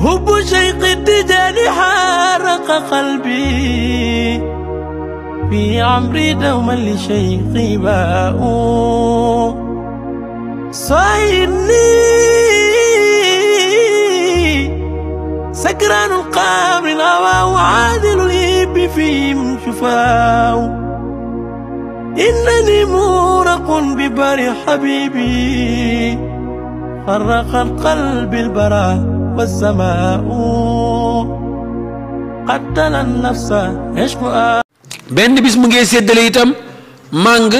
هب قد جاني حارق قلبي في عمري دوما لشيقي باء صايني سكران القمر الهوى وعادل الإب فيهم شفاو إنني مورق ببر حبيبي فرق القلب البراء والسماء benn bis mu ngi séddale itam màng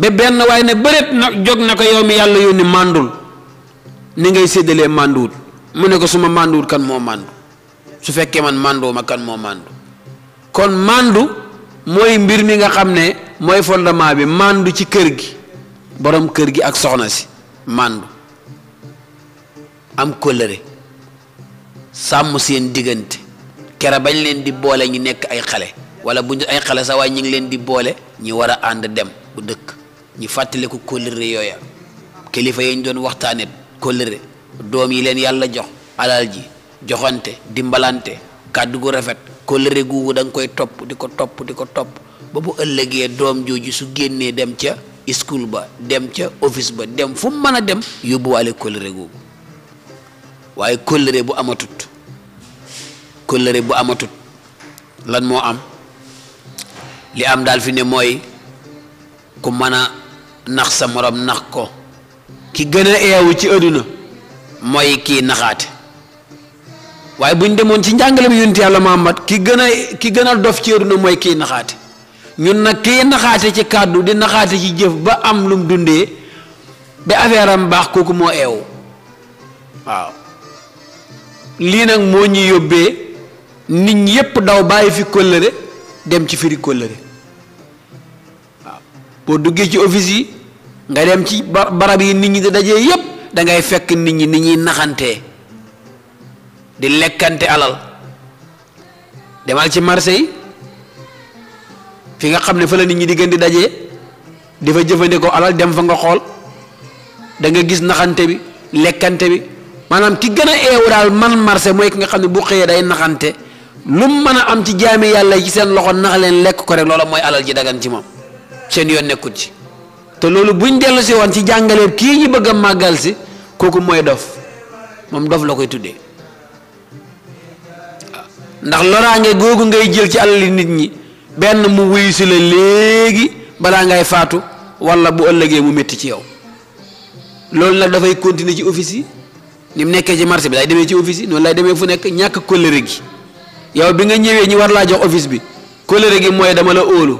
ba benn waaye ne bëreet na jóg na ko yow mi yàlla yónni màndul ni ngay séddalee mànduwut mu ne ko suma mànduwut kan moo màndu su fekkee man mànduwuma kan moo màndu kon màndu mooy mbir mi nga xam ne mooy fondement bi màndu ci kër gi borom kër gi ak soxna si màndu am kóllëre sàmm seen diggante kere bañ leen di boole ñi nekk ay xale wala bu ñu ay xale sax waaye ñu ngi leen di boole ñi war a ànd dem bu dëkk ñi fàttaliku kóllëre yooya kilifa yañ doon waxtaane kolere doom yi leen yàlla jox alal ji joxante dimbalante kàddu gu rafet kóllëre googu danga koy topp di ko topp di ko topp ba bu ëllëgee doom jooju su génnee dem ca school ba dem ca office ba dem fu mu mën a dem yóbbuwaale kóllëre googu waaye kóllëre bu amatut kóllëre bu amatut lan moo am li am daal fi ne mooy ku mën a nax sa moroom nax ko ki gën a eewu ci adduna mooy kii naxaate waaye bu ñu demoon ci njàngalem yonent yàlla Muhammad ki gën a ki gën a dof ci adduna mooy kii naxaate ñun nag kii naxaate ci kàddu di naxaate ci jëf ba am lum dundee ba affaire baax kooku moo eewu waaw lii nag moo ñu yóbbee nit ñi yépp daw bàyyi fi kóllëre dem ci firi kóllëre bo duggé ci office yi nga dem ci barab yi nit ñi da dajé yépp da ngay fekk nit ñi nit ñi naxanté di alal demal ci marché yi fi nga xamné fa la nit ñi di gën di dajé di fa alal dem fa nga xol da nga gis naxanté bi lekkante bi manam ki gëna a man marché moy ki nga xamné bu xeyé day naxanté lu mu mën a am ci jaami yàlla yi ci seen loxo nax leen lekk ko rek loola mooy alal ji dagan ci moom seen yoon nekkut ci te loolu buñ dellu si woon ci jàngaleeb kii ñi bëgg a màggal si kooku mooy dof moom dof la koy tuddee ndax loraange googu ngay jël ci alali nit ñi benn mu wuyu si la léegi balaa ngay faatu wala bu ëllëgee mu métti ci yow loolu nag dafay continuer ci office yi ni mu nekkee ci marché bi lay demee ci office yi noonu lay demee fu nekk ñàkk kóllëre gi yow bi nga ñëwee ñi war laa jox office bi kóllëre gi mooy dama la óolu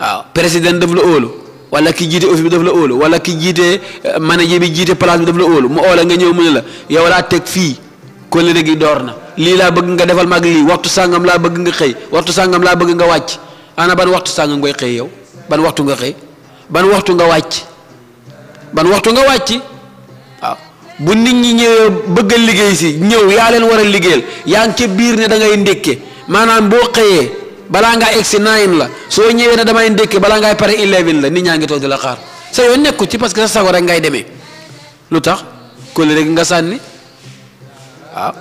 waaw président daf la óolu wala ki jiite office bi daf la óolu wala ki jiite euh, manager bi jiite place bi daf la óolu mu oola nga ñëw mu ne la yow laa teg fii kóllëre gi door na lii laa bëgg nga defal mag lii waxtu sàngam laa bëgg nga xëy waxtu sàngam laa bëgg nga wàcc ana ban waxtu sàngam ngay xëy yow ban waxtu nga xëy ban waxtu nga wàcc bu nit ñi ñëwee bëgg a liggéey si ñëw yaa leen war a liggéeyal yaa ngi ca biir ne da ngay ndékke maanaam boo xëyee balaa ngaa egg si nine la soo ñëwee ne damay ndékke balaa ngay pare eleven la nit ñaa ngi toog di la xaar sa yoon nekku ci parce que sa sago rek ngay demee lu tax kóllëre rek nga sànni waaw ah.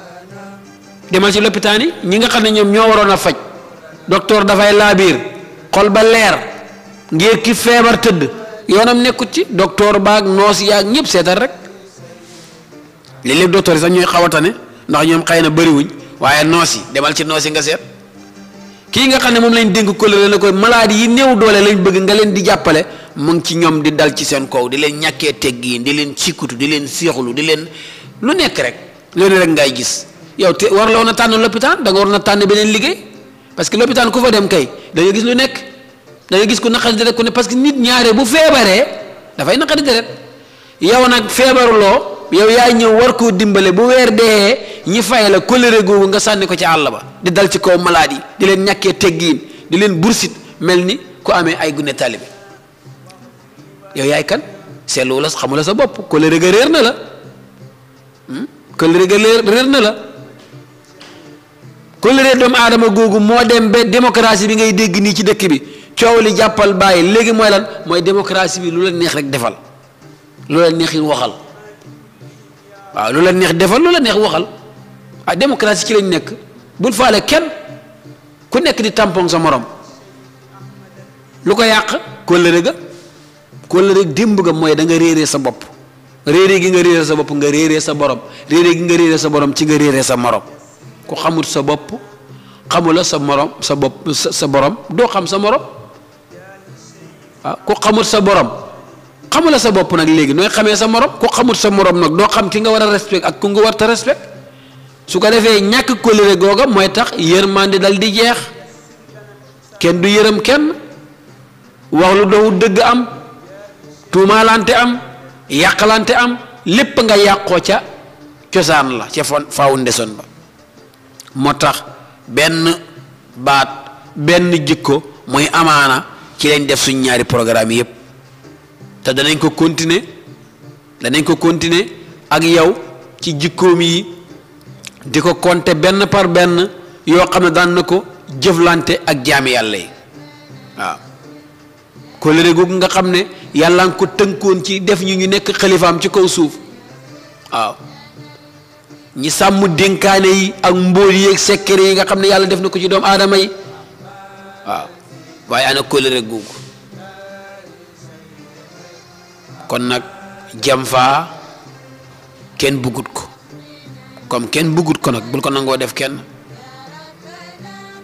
demal si lopitaan yi ñi nga xam ne ñoom ñoo waroon a faj docteur dafay laabiir xol ba leer ngir ki feebar tëdd yoonam nekkut ci docteur baag noos yaag ñëpp seetal rek léeg-léeg docteur yi sax ñooy xaw a tane ndax ñoom xëy na bëriwuñ waaye noos yi demal ci noos yi nga seet kii nga xam ne moom lañ dénk kóllëre na ko malaad yi new doole lañ bëgg nga leen di jàppale mu ci ñoom di dal ci seen kaw di leen ñàkkee teg teggiin di leen sikkutu di leen siixlu di leen lu nekk rek loolu rek ngay gis yow te war la na tànn loppitaan da nga na tànn beneen liggéey parce que lopitaan ku fa dem kay da gis lu nekk da gis ku naqari deret ku ne parce que nit ñaare bu feebaree dafay naqari deret yow nag feebaruloo yow yaa ñëw war koo dimbale bu weer dee ñi fay la colère googu nga sànni ko ci àll ba di dal ci kaw malade yi di leen ñàkkee teggiin di leen bursit mel ni ku amee ay gune taalibe yow yaay kan seetlu la xamula sa bopp colère ga réer na la colère hmm? ga réer na la colère doomu aadama googu moo dem ba démocratie bi ngay dégg nii ci dëkk bi coow li jàppal bàyyi léegi mooy lan mooy démocratie bi lu la neex rek defal lu la neex waxal waaw loolu la neex defal lu la neex waxal ah démocratie ci lañ nekk bul faale kenn ku nekk di tampon sa morom lu ko yàq kóllëre ga kóllëre démb ga mooy danga réere sa bopp réeree gi nga réeree sa bopp nga réeree sa borom réeree gi nga réeree sa borom ci nga réeree sa morom ku xamul sa bopp xamula sa morom sa bopp sa borom doo xam sa morom waaw ah, ku xamul sa borom xamula sa bopp nag léegi nooy xamee sa morom ku xamut sa morom nag doo xam ki nga war a respect ak ku nga war respect su ko defee ñàkk kóllëre googa mooy tax yërmande dal di jeex kenn du yërëm kenn wax lu dowul dëgg am tuumaalante am yàqalante am lépp nga yàqoo ca cosaan la ca faawu ndesoon ba moo tax benn baat benn jikko muy amaana ci lañ def suñ ñaari programme yépp danañ ko continuer danañ ko continuer ak yow ci jikkoom yi di ko compter benn par benn yoo xam ne daan na ko jëflante ak jaami yàlla yi waaw kóllëre googu nga xam ne yàlla nga ko tënkoon ci def ñu ngi nekk xalifaam ci kaw suuf waaw ñi sàmm dénkaane yi ak mbóol yi ak sekkere yi nga xam ne yàlla def na ko ci doom aadama yi waaw waaye ana kóllëre googu kon nak jam fa ken bugut ko comme ken bugut ko nak bul ko nango def ken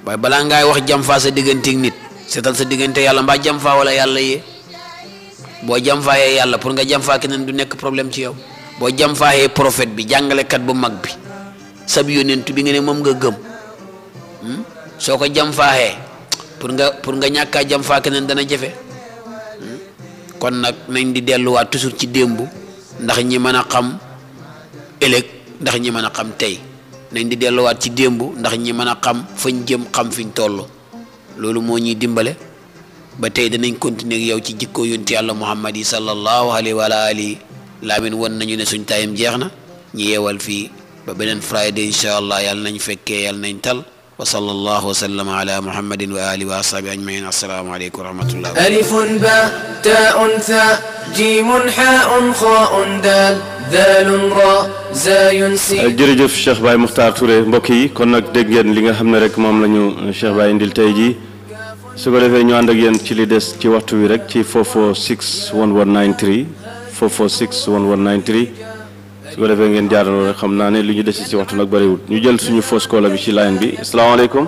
bay bala ngay wax jam fa sa digganteeg nit setal sa diggante yalla mba jam fa wala yalla ye bo jam ye yalla pour nga jam fa keneen du nek problème ci yow bo jam ye prophète bi kat bu mag bi sab yonent bi ngene mom nga gem hmm soko jam faayee pour nga pour nga ñaka jam fa dana jefe kon nag nañ di delluwaat toujours ci démb ndax ñi mën a xam ëllëg ndax ñi mën a xam tey nañ di delluwaat ci démb ndax ñi mën a xam fañ jëm xam fiñ toll loolu moo ñuy dimbale ba tey danañ continuer yow ci jikko yonent yàlla muhammad yi sallallahu alayhi wa alihi laamin won nañu ne suñ tayam jeex na ñu yeewal fii ba beneen friday incha allah yàlla nañ fekkee yàlla nañ tal وصلى الله وسلم على محمد وآله وأصحابه أجمعين السلام عليكم ورحمة الله وبركاته ألف باء تاء ثاء جيم حاء خاء دال ذال راء زاي سين أه، جرجف الشيخ باي مختار توري مبوكي كنا دجن لغا حمنا رك مام لنيو الشيخ أه، باي اندل تايجي سوغو ديفه ني اندك يين تي تي واتو وي تي 446 1193 su ko defee ngeen jaaraloo rek xam naa ne li ñu desi si waxtu nag bëriwul ñu jël suñu fausse koola bi ci line bi asalaamaaleykum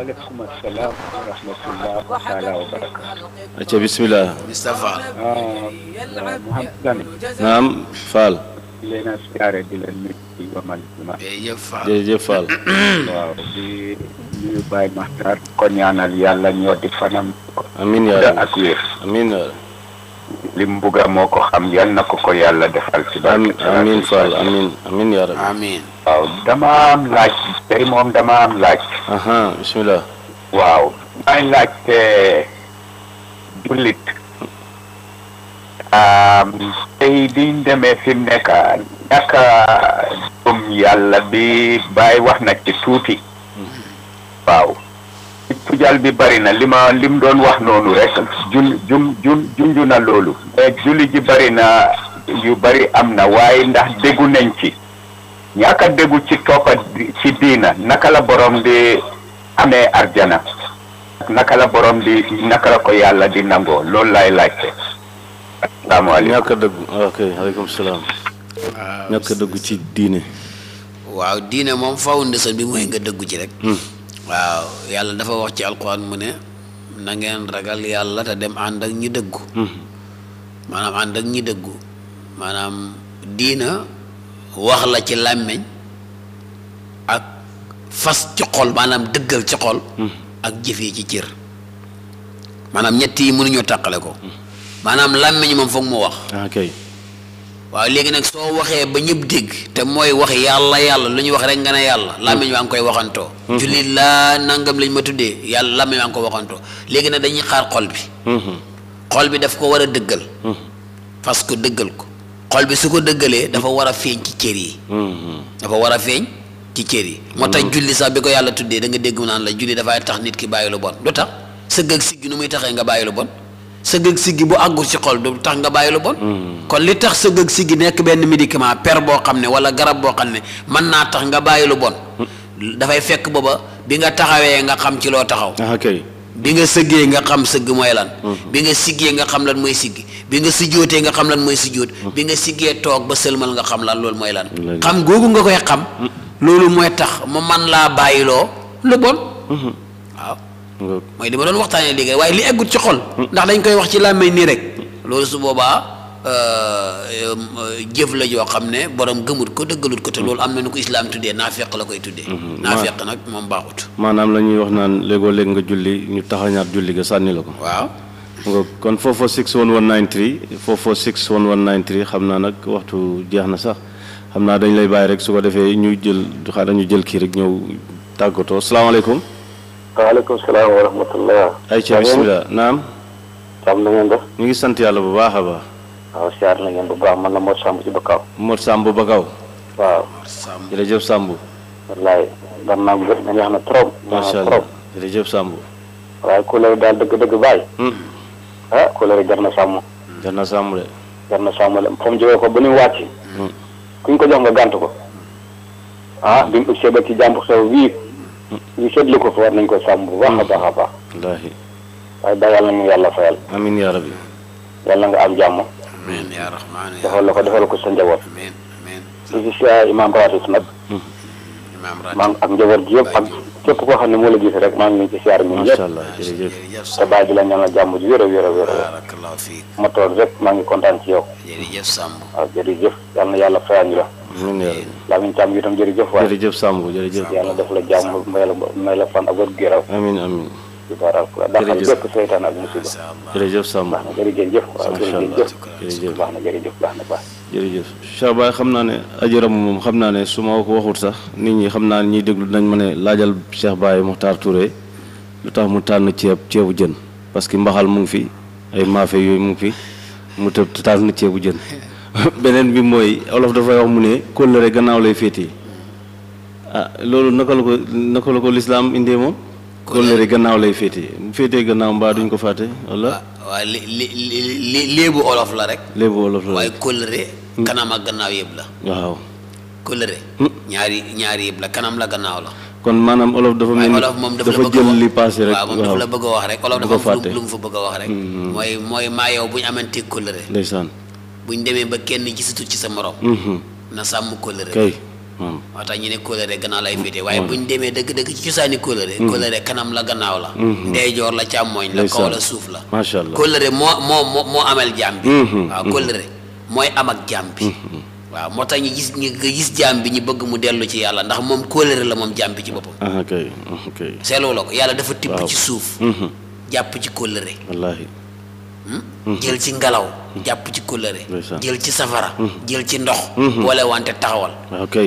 عليكم السلام ورحمة الله تعالى وبركاته. أتى بسم الله. مصطفى. آه محمد ثاني. نعم فال. لنا سيارة إلى المكي ومالك ما. جي جي فال. دي باي مختار كوني أنا ليالا نيودي فنم. أمين يا رب. أمين يا رب. li mu moo ko xam yal na koko ko yàlla defal ci barke amiin Fall amiin amiin yaa rabbi amiin waaw dama am moom dama am laaj bismillah waaw may laajte jullit tey biñ demee fi mu nekk ñàkk yàlla bi bàyyi wax na ci tuuti hmm. waaw fujal bi bari na li ma lim doon wax noonu rek jul jum jun junju na loolu julli ji bari na yu bari am na waaye ndax déggu nañ ci ñaaka déggu ci toppa ci diina naka la borom di amee arjana naka la borom di naka la ko yàlla di nangoo loolu laay laajte salaamaaleykum ñàkk a dëggu ok aleykum salaam ñàkk a dëggu ci diine waaw diine moom faw ndesoon bi mooy nga dëggu ci rek hmm. waaw yàlla dafa wax ci alquran mu ne na ngeen ragal yàlla te dem ànd ak ñi dëggu hmm. maanaam ànd ak ñi dëggu maanaam diina wax la ci làmmiñ ak fas ci xol maanaam dëggal ci xol hmm. ak jëfee ci cër maanaam ñett yi mënuñoo tàqale ko hmm. maanaam làmmiñ moom foog mu wax ah, waaw léegi nag soo waxee ba ñëpp dégg te mooy wax yàlla yàlla lu ñu wax rek nga ne yàlla làmmiñ waa ngi koy waxantoo mm-hmm. julli laa nangam lañ ma tuddee yàlla làmmiñ waa ngi ko waxantoo léegi nag dañuy xaar xol bi mm-hmm. xol bi daf ko war a dëggal parce mm-hmm. que dëggal ko xol bi su ko dëggalee dafa war a feeñ ci cër yi dafa war a feeñ ci cër yi moo tax julli sax bi ko yàlla tuddee da nga dégg mu naan la julli dafay tax nit ki bàyyi lu bon lu tax sëgg ak siggi nu muy taxee nga bàyyi lu bon sa gëg siggi bu àggul ci xol du tax nga bàyyi lu bon kon li tax sa gëg siggi nekk benn médicament per boo xam ne wala garab boo xam ne man naa tax nga bàyyi lu bon dafay fekk booba bi nga taxawee nga xam ci loo taxaw ah, bi nga sëggee nga xam sëgg mooy lan mm-hmm. bi nga siggee nga xam lan mooy siggi bi nga sujjootee nga xam lan mooy sujjoot mm-hmm. bi nga siggee toog ba sëlmal nga xam lan loolu mooy lan xam googu nga koy xam mm-hmm. loolu mooy tax mu man laa bàyyiloo lu bon waaw mooy li ma doon waxtaanee léegi waaye li eggut ci xol. ndax dañ koy wax ci làmmiñ nii rek. loolu su boobaa. Euh, jëf la yoo xam ne borom gëmut ko dëggalut ko te loolu am na nu ko islaam tuddee naafeq la koy tuddee mm-hmm. naafeq nag moom baaxut maanaam la ñuy wax naan léegoo léeg nga julli ñu taxañaat julli nga sànni la ko waaw nga kon 446 1193 446 1193 xam naa nag waxtu jeex na sax xam naa dañ lay bàyyi rek su ko defee ñu jël xaaral ñu jël kii rek ñëw tàggatoo salaamaaleykum waaleykum warahmatullah. wa ay ci bismillah naam tam na ngeen def ñu ngi sant yàlla bu baax a baax waaw siyaar na ngeen bu baax man la mot ci bakaw mot bakaw waaw jërëjëf wallaay dan naa gëf na na trop macha allah jërëjëf samb waaye couleur daal dëgg dëgg bàyyi ah couleur jar na sàmm jar na sàmm de jar na sàmm de fam jógee ko bu ni wàcc kuñ ko jox nga ko ah bi mu ba ci xew wii ñu seetlu ko fa war nañ ko sàmm bu baax a baax a baax. wallaahi. waaye ba yàlla ñu yàlla fayal. amiin yaa rabbi. yàlla nga am jàmm. amin ya rahman ya defal la ko defal ko sa njaboot. amin amin ci si siyaay imaam ratis nag. imaam ratis maa ak njaboot ji yëpp ak képp koo xam ne moo la gis rek maa ngi ci siyaar ñun ñëpp. te la ñana jàmm ju wér a wér a wér ma toog rek maa ngi kontaan ci yow. jërëjëf Samb. jërëjëf yàlla na yàlla fayal ñu la. amiin yaa Lamine Thiam itam jërëjëf waay jërëjëf Samb jërëjëf yàlla def la jàmm may la may la fan ak wér gu yaram amiin amiin ci baral ko dafa bépp seytaan ak musiba jërëjëf Samb baax na jërëjëf waaw baax na jërëjëf baax na baax jërëjëf xam naa ne ajaram moom xam naa ne su ma ko waxut sax nit ñi xam naa ne ñuy déglu dinañ ma ne laajal Cheikh Baye Mokhtar Touré lu tax mu tànn ceeb ceebu jën parce que mbaxal mu ngi fi ay maafe yooyu mu ngi fi mu tëb tànn ceebu jën beneen bi mooy olof dafay wax mu ne kóllëre gannaaw lay féete ah loolu naka la ko naka la ko lislaam indee moom kóllëre gannaaw lay féete bu féetee gannaaw mbaa duñ ko fàtte wala ah, waaw li li léebu olof la rek léebu olof la waaye kóllëre hmm. kanam ak gannaaw yëpp la waaw kóllëre hmm. ñaari ñaari yëpp la kanam la gannaaw la kon maanaam olof dafa mel ni dafa jël li passé rek waaw moom dafa la bëgg a wax rek olof dafa lu mu fa bëgg a wax rek hmm. mooy maa yow bu ñu amantee kóllëre ndeysaan bu ñu demee ba kenn gisatul ci sa morom. Mhm. na sàmm kóllëre. kay moo tax ñu ne kóllëre gannaaw lay féete waaye bu ñu demee dëgg-dëgg ci cosaani kóllëre. Mhm. kóllëre kanam la gannaaw la. Mhm. ndeyjoor la càmmooñ la kaw la suuf la. macha allah kóllëre moo moo moo amal jaam bi. waaw kóllëre mooy am ak jaam bi. moo tax ñu gis gis jaam bi ñu bëgg mu dellu ci yàlla ndax moom kóolare la moom jaam ci boppam. ok ok la ko yàlla dafa tibb ci suuf. jàpp ci kóolare. Hmm? jël ci ngelaw. Hmm. jàpp ci kóllëre. jël ci safara. Hmm. jël ci ndox. boole wante taxawal.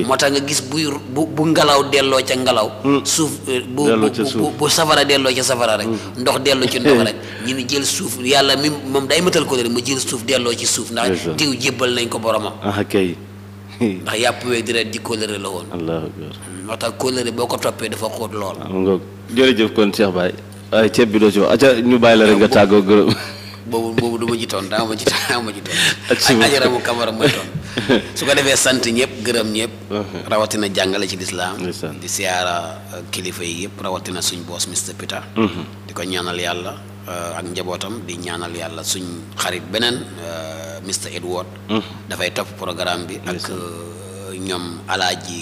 moo tax nga gis buy bu bu ngelaw delloo ca ngelaw. suuf eh, bu bu bu safara delloo ca safara rek. ndox delloo ci ndox rek. ñu ngi jël suuf yàlla mi moom day matal kóllëre mu jël suuf delloo ci suuf ndax diw jébbal nañ ko boromam. Ah, ndax yàpp weeg deret ji kóllëre la woon. allahu akbar moo tax kóllëre boo ko toppee dafa xóot lool. Ah, jërëjëf kon Cheikh Baye. waaye ceeb bi doo ci wax aca ñu bàyyi la rek boobu boobu du ma ji toon ma ji toon ma ji toon ak ajaramu kamara mooy toon su ko defee sant ñëpp gërëm ñëpp uh-huh. rawatina jàngale ci lislaam di siyaara uh, kilifa yi yëpp rawatina suñ boos Mr Peter di ko ñaanal yàlla uh, ak njabootam di ñaanal yàlla suñ xarit beneen uh, Mr Edward uh-huh. dafay topp programme bi ak ñoom alaaji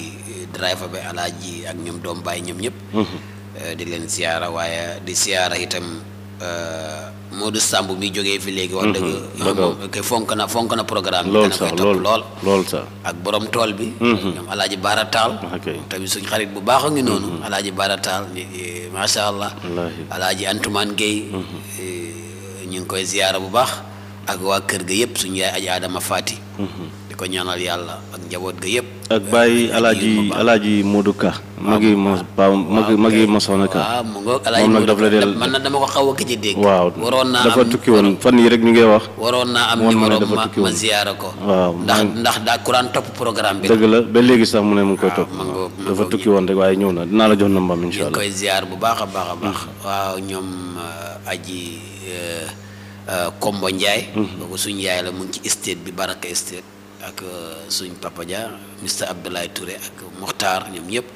driver bi alaaji ak ñoom doom bàyyi ñoom ñëpp uh-huh. di leen siyaara waaye di siyaara itam Modou Samb mi jógee fi léegi. wax dëgg mhm, fonk na fonk na programme bi. lool sax lool lool sax ak boroom tool bi. Mhm. ñoom El Baara Taal. tamit suñ xarit bu baax a ngi noonu. El mhm. Hadj Baara Taal macha allah. El Hadj Antoumane Gueye. Eh, ñu ngi koy ziyaara bu baax. ak waa kër ga yëpp suñu yaay aji Adama Fati. di ko ñaanal yàlla ak njaboot ga yëpp. ak bàyyi alaaji alaaji Modou Ka. mag yi mos waaw mag yi mosoon Ka. waaw mu ngoog alaaji la Ka man nag dama ko xaw a gëj a dégg. waaw dafa tukki woon fan yii rek ñu ngi wax. waroon naa am numéro ma ma ziyaara ko. waaw ndax ndax daa kuraan topp programme bi. dëgg la ba léegi sax mu ne mu ngi koy topp. dafa tukki woon rek waaye ñëw na dinaa la jox nambam mbam incha allah. ñu koy ziyaar bu baax a baax a baax. Mm-hmm. waaw ñoom euh, aji euh, euh, Kombo Ndiaye. Mm-hmm. boobu suñu yaay la mu ngi ak euh, suñ Papa Dia Mr Abdoulaye Touré ak Mokhtar ñoom ñëpp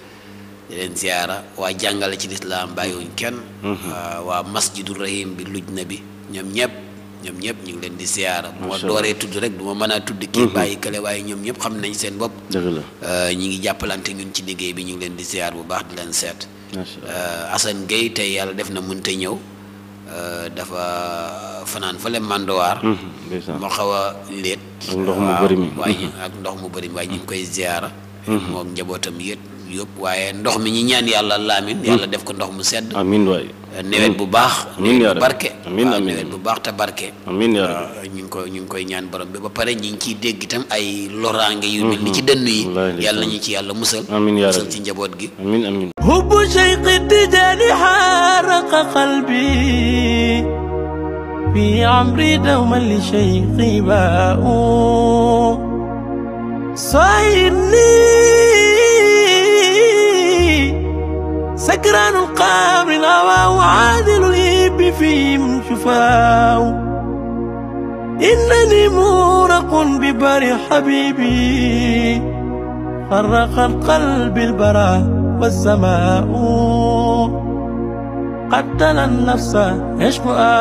di leen ziyaara waa jàngale ci lislaam bàyyiwuñ kenn mhm. waa masjidul rahim bi luj na bi ñoom ñëpp ñoom ñëpp ñu ngi leen di ziyaara bu ma dooree tudd rek du ma mën a tudd kii mhm. bàyyi kële waaye ñoom ñëpp xam nañ seen bopp euh, ñi ngi jàppalante ñun ci liggéey bi ñu ngi leen di ziyaar bu baax di leen seet euh, Assane Gueye tey yàlla def na mënta ñëw Euh, dafa fanaan fële mandowaar mm-hmm. mu xaw a léet ak ndox mu bëri mm-hmm. mi waaye ñu ngi koy ziyaara mm-hmm. moom njabootam yët yóbbu waye ndox mi ñi ñaan yalla lamin yalla mm. def ko ndox mu sedd amin way euh, newet bu baax amin yaa barke amin amin newet bu baax ta barke amin yaa euh, ñu ngi koy ñu ngi koy ñaan borom bi ba pare ñi ngi ciy dégg itam ay lorange yu mel ni ci mm-hmm. dënn yi yalla ñi ci yalla musal amin ya rab ci njabot gi amin amin hubu shayqi tijani harq qalbi bi amri dawman li shayqi ba'u sayni سكران القبر غواه عادل الإب في شفاه إنني مورق ببر حبيبي فرق القلب البرى والسماء قتل النفس عشق